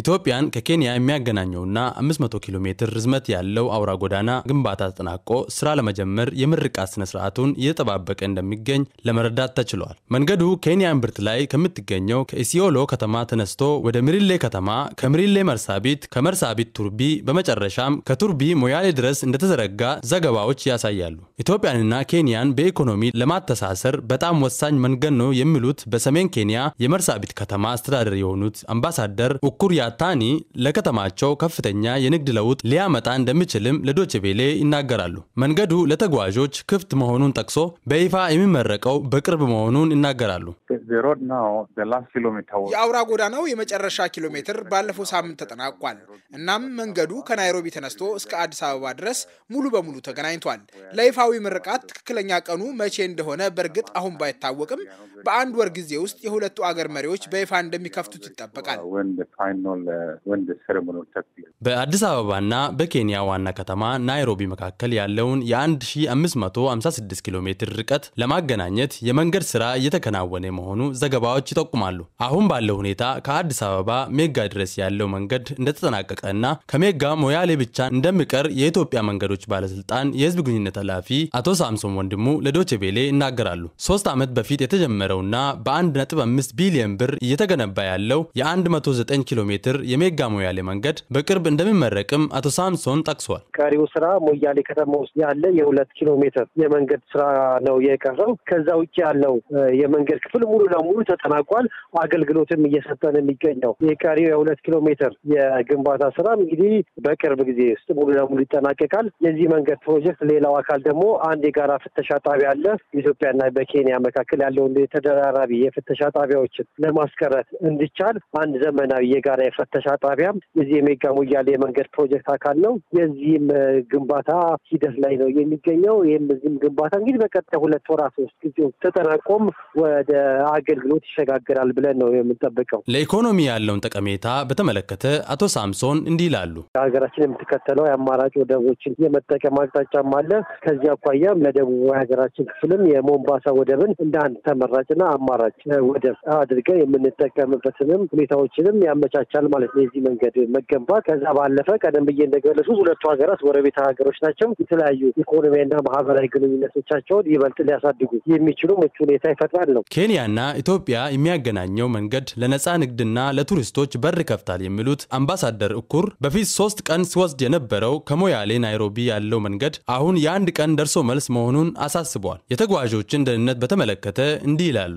ኢትዮጵያን ከኬንያ የሚያገናኘውና 500 ኪሎ ሜትር ርዝመት ያለው አውራ ጎዳና ግንባታ ተጠናቆ ስራ ለመጀመር የምርቃት ስነ ስርዓቱን እየተጠባበቀ እንደሚገኝ ለመረዳት ተችሏል። መንገዱ ኬንያ እምብርት ላይ ከምትገኘው ከኢሲዮሎ ከተማ ተነስቶ ወደ ምሪሌ ከተማ፣ ከምሪሌ መርሳቢት፣ ከመርሳቢት ቱርቢ፣ በመጨረሻም ከቱርቢ ሞያሌ ድረስ እንደተዘረጋ ዘገባዎች ያሳያሉ። ኢትዮጵያንና ኬንያን በኢኮኖሚ ለማተሳሰር በጣም ወሳኝ መንገድ ነው የሚሉት በሰሜን ኬንያ የመርሳቢት ከተማ አስተዳደር የሆኑት አምባሳደር ኡኩር ያ ታኒ ለከተማቸው ከፍተኛ የንግድ ለውጥ ሊያመጣ እንደሚችልም ለዶችቬሌ ይናገራሉ። መንገዱ ለተጓዦች ክፍት መሆኑን ጠቅሶ በይፋ የሚመረቀው በቅርብ መሆኑን ይናገራሉ። የአውራ ጎዳናው የመጨረሻ ኪሎ ሜትር ባለፈው ሳምንት ተጠናቋል። እናም መንገዱ ከናይሮቢ ተነስቶ እስከ አዲስ አበባ ድረስ ሙሉ በሙሉ ተገናኝቷል። ለይፋዊ ምርቃት ትክክለኛ ቀኑ መቼ እንደሆነ በእርግጥ አሁን ባይታወቅም በአንድ ወር ጊዜ ውስጥ የሁለቱ አገር መሪዎች በይፋ እንደሚከፍቱት ይጠበቃል። ወንድ ሴሬሞኒውን ተክል በአዲስ አበባና በኬንያ ዋና ከተማ ናይሮቢ መካከል ያለውን የ1556 ኪሎ ሜትር ርቀት ለማገናኘት የመንገድ ስራ እየተከናወነ መሆኑ ዘገባዎች ይጠቁማሉ። አሁን ባለው ሁኔታ ከአዲስ አበባ ሜጋ ድረስ ያለው መንገድ እንደተጠናቀቀ እና ከሜጋ ሞያሌ ብቻ እንደሚቀር የኢትዮጵያ መንገዶች ባለስልጣን የህዝብ ግንኙነት ኃላፊ አቶ ሳምሶን ወንድሙ ለዶቼ ቬሌ ይናገራሉ። ሶስት ዓመት በፊት የተጀመረውና በ1.5 ቢሊዮን ብር እየተገነባ ያለው የ109 ኪሎ ሜትር ሜትር የሜጋ ሞያሌ መንገድ በቅርብ እንደሚመረቅም አቶ ሳምሶን ጠቅሷል። ቀሪው ስራ ሞያሌ ከተማ ውስጥ ያለ የሁለት ኪሎ ሜትር የመንገድ ስራ ነው የቀረው። ከዛ ውጭ ያለው የመንገድ ክፍል ሙሉ ለሙሉ ተጠናቋል። አገልግሎትም እየሰጠን የሚገኘው የቀሪው የሁለት ኪሎ ሜትር የግንባታ ስራ እንግዲህ በቅርብ ጊዜ ውስጥ ሙሉ ለሙሉ ይጠናቀቃል። የዚህ መንገድ ፕሮጀክት ሌላው አካል ደግሞ አንድ የጋራ ፍተሻ ጣቢያ አለ። በኢትዮጵያና በኬንያ መካከል ያለውን የተደራራቢ የፍተሻ ጣቢያዎችን ለማስቀረት እንዲቻል አንድ ዘመናዊ የጋራ የፍተሻ ጣቢያ እዚህ የሜጋ ሞያሌ የመንገድ ፕሮጀክት አካል ነው። የዚህም ግንባታ ሂደት ላይ ነው የሚገኘው። ይህም እዚህም ግንባታ እንግዲህ በቀጣይ ሁለት ወራት ሶስት ጊዜ ተጠናቆም ወደ አገልግሎት ይሸጋግራል ብለን ነው የምንጠብቀው። ለኢኮኖሚ ያለውን ጠቀሜታ በተመለከተ አቶ ሳምሶን እንዲህ ይላሉ። ሀገራችን የምትከተለው የአማራጭ ወደቦችን የመጠቀም አቅጣጫም አለ። ከዚህ አኳያም ለደቡብ ሀገራችን ክፍልም የሞምባሳ ወደብን እንደ አንድ ተመራጭና አማራጭ ወደብ አድርገን የምንጠቀምበትንም ሁኔታዎችንም ያመቻቻል ያመለክታል ማለት ነው የዚህ መንገድ መገንባት። ከዛ ባለፈ ቀደም ብዬ እንደገለጹት ሁለቱ ሀገራት ጎረቤት ሀገሮች ናቸው። የተለያዩ ኢኮኖሚያና ማህበራዊ ግንኙነቶቻቸውን ይበልጥ ሊያሳድጉ የሚችሉ ምቹ ሁኔታ ይፈጥራል ነው። ኬንያና ኢትዮጵያ የሚያገናኘው መንገድ ለነጻ ንግድና ለቱሪስቶች በር ከፍታል የሚሉት አምባሳደር እኩር በፊት ሶስት ቀን ሲወስድ የነበረው ከሞያሌ ናይሮቢ ያለው መንገድ አሁን የአንድ ቀን ደርሶ መልስ መሆኑን አሳስቧል። የተጓዦችን ደህንነት በተመለከተ እንዲህ ይላሉ።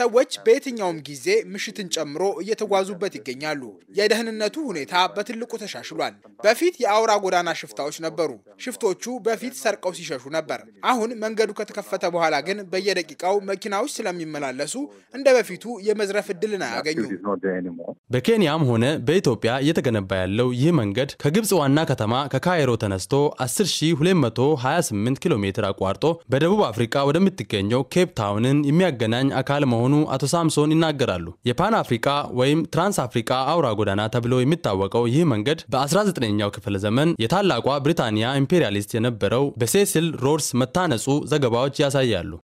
ሰዎች በየትኛውም ጊዜ ምሽትን ጨምሮ እየተጓዙበት ይገኛሉ። የደህንነቱ ሁኔታ በትልቁ ተሻሽሏል። በፊት የአውራ ጎዳና ሽፍታዎች ነበሩ። ሽፍቶቹ በፊት ሰርቀው ሲሸሹ ነበር። አሁን መንገዱ ከተከፈተ በኋላ ግን በየደቂቃው መኪናዎች ስለሚመላለሱ እንደ በፊቱ የመዝረፍ እድልን አያገኙ። በኬንያም ሆነ በኢትዮጵያ እየተገነባ ያለው ይህ መንገድ ከግብፅ ዋና ከተማ ከካይሮ ተነስቶ 10228 ኪሎ ሜትር አቋርጦ በደቡብ አፍሪካ ወደምትገኘው ኬፕ ታውንን የሚያገናኝ አካል መሆኑ አቶ ሳምሶን ይናገራሉ። የፓን አፍሪካ ወይም ትራንስ አፍሪካ አውራ ጎዳና ተብሎ የሚታወቀው ይህ መንገድ በ19ኛው ክፍለ ዘመን የታላቋ ብሪታንያ ኢምፔሪያሊስት የነበረው በሴሲል ሮድስ መታነጹ ዘገባዎች ያሳያሉ።